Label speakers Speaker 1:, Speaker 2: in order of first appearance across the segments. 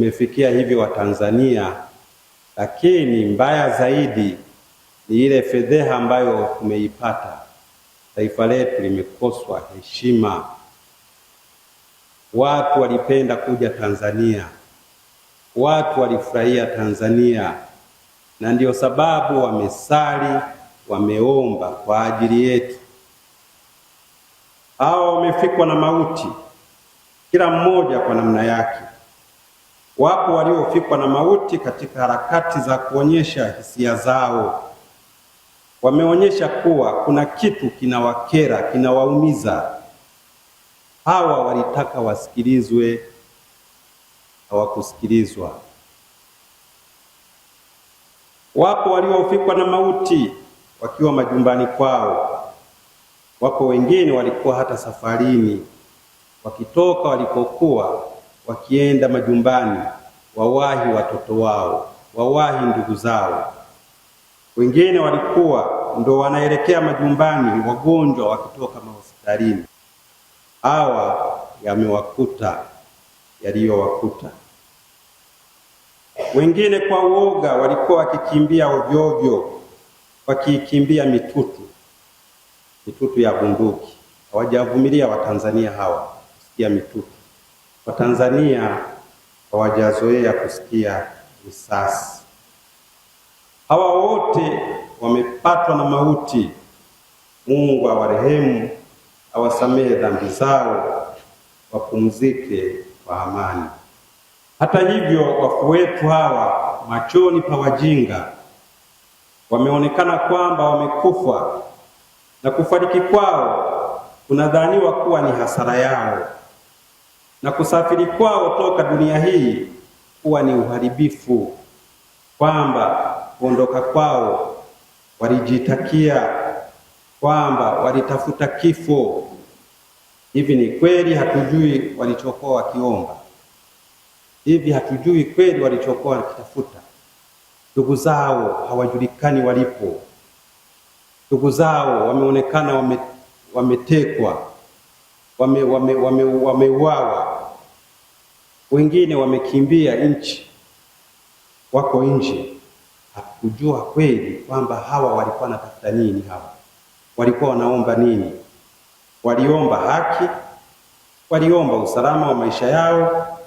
Speaker 1: tumefikia hivi Watanzania, lakini mbaya zaidi ni ile fedheha ambayo tumeipata. Taifa letu limekoswa heshima. Watu walipenda kuja Tanzania, watu walifurahia Tanzania, na ndiyo sababu wamesali, wameomba kwa ajili yetu. Hao wamefikwa na mauti, kila mmoja kwa namna yake. Wapo waliofikwa na mauti katika harakati za kuonyesha hisia zao, wameonyesha kuwa kuna kitu kinawakera, kinawaumiza. Hawa walitaka wasikilizwe, hawakusikilizwa. Wapo waliofikwa na mauti wakiwa majumbani kwao, wapo wengine walikuwa hata safarini, wakitoka walikokuwa wakienda majumbani wawahi watoto wao, wawahi ndugu zao. Wengine walikuwa ndo wanaelekea majumbani, wagonjwa wakitoka mahospitalini. Hawa yamewakuta yaliyowakuta. Wengine kwa uoga walikuwa wakikimbia ovyovyo, wakiikimbia mitutu, mitutu ya bunduki. Hawajavumilia Watanzania hawa kusikia mitutu. Watanzania hawajazoea kusikia risasi. Hawa wote wamepatwa na mauti. Mungu awarehemu, awasamehe dhambi zao, wapumzike kwa amani. Hata hivyo, wafu wetu hawa machoni pa wajinga wameonekana kwamba wamekufa na kufariki kwao kunadhaniwa kuwa ni hasara yao na kusafiri kwao toka dunia hii kuwa ni uharibifu, kwamba kuondoka kwao walijitakia, kwamba walitafuta kifo. Hivi ni kweli hatujui walichokuwa wakiomba? Hivi hatujui kweli walichokuwa wakitafuta? Ndugu zao hawajulikani walipo, ndugu zao wameonekana wametekwa, wame wame, wame wengine wamekimbia nchi, wako nje. Hakujua kweli kwamba hawa walikuwa wanatafuta nini, hawa walikuwa wanaomba nini? Waliomba haki, waliomba usalama wa maisha yao,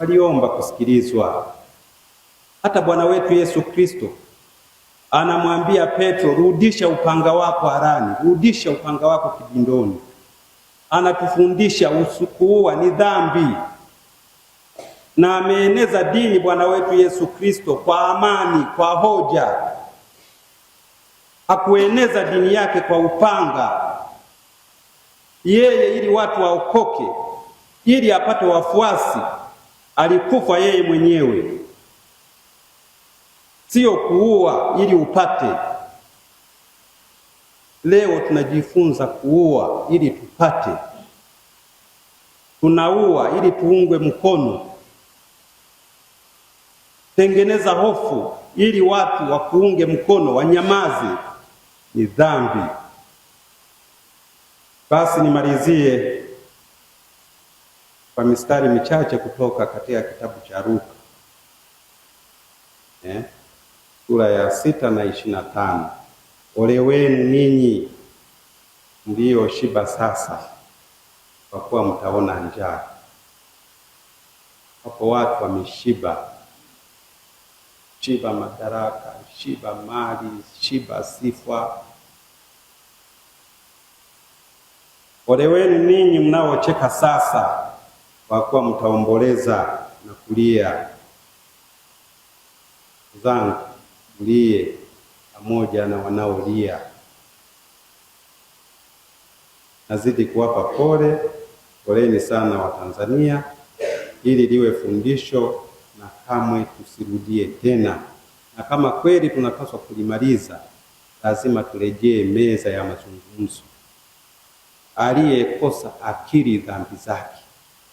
Speaker 1: waliomba kusikilizwa. Hata Bwana wetu Yesu Kristo anamwambia Petro, rudisha upanga wako harani, rudisha upanga wako kibindoni. Anatufundisha usukuua ni dhambi na ameeneza dini Bwana wetu Yesu Kristo kwa amani, kwa hoja, akueneza dini yake kwa upanga yeye, ili watu waokoke, ili apate wafuasi. Alikufa yeye mwenyewe, sio kuua ili upate. Leo tunajifunza kuua ili tupate, tunaua ili tuungwe mkono Tengeneza hofu ili watu wakuunge mkono, wanyamaze. Ni dhambi. Basi nimalizie kwa mistari michache kutoka katika kitabu cha Luka eh, sura ya sita na ishirini na tano ole wenu ninyi ndiyo shiba sasa, kwa kuwa mtaona njaa. Hapo watu wameshiba shiba madaraka, shiba mali, shiba sifa. Ole wenu ninyi mnaocheka sasa, kwa kuwa mtaomboleza na kulia. Zangu mlie pamoja na wanaolia, nazidi kuwapa pole. Poleni sana Watanzania, ili liwe fundisho na kamwe tusirudie tena, na kama kweli tunapaswa kulimaliza, lazima turejee meza ya mazungumzo. Aliyekosa akili dhambi zake.